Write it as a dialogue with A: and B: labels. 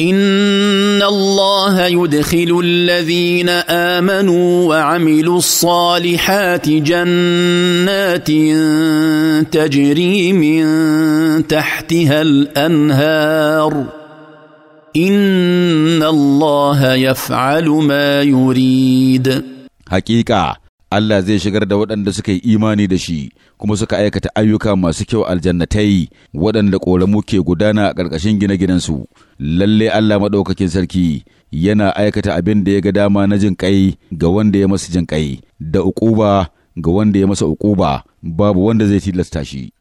A: ان الله يدخل الذين امنوا وعملوا الصالحات جنات تجري من تحتها الانهار ان الله يفعل ما يريد
B: حقيقه Allah zai shigar da waɗanda suka yi imani da shi kuma suka aikata ayyuka masu kyau aljannatai waɗanda ƙoramu ke gudana a ƙarƙashin gine-ginensu. Lalle Allah maɗaukakin sarki yana aikata abin da ya ga dama na jin ƙai ga wanda ya masa jin ƙai da uƙuba ga wanda ya masa uƙuba babu wanda zai tilasta
C: shi.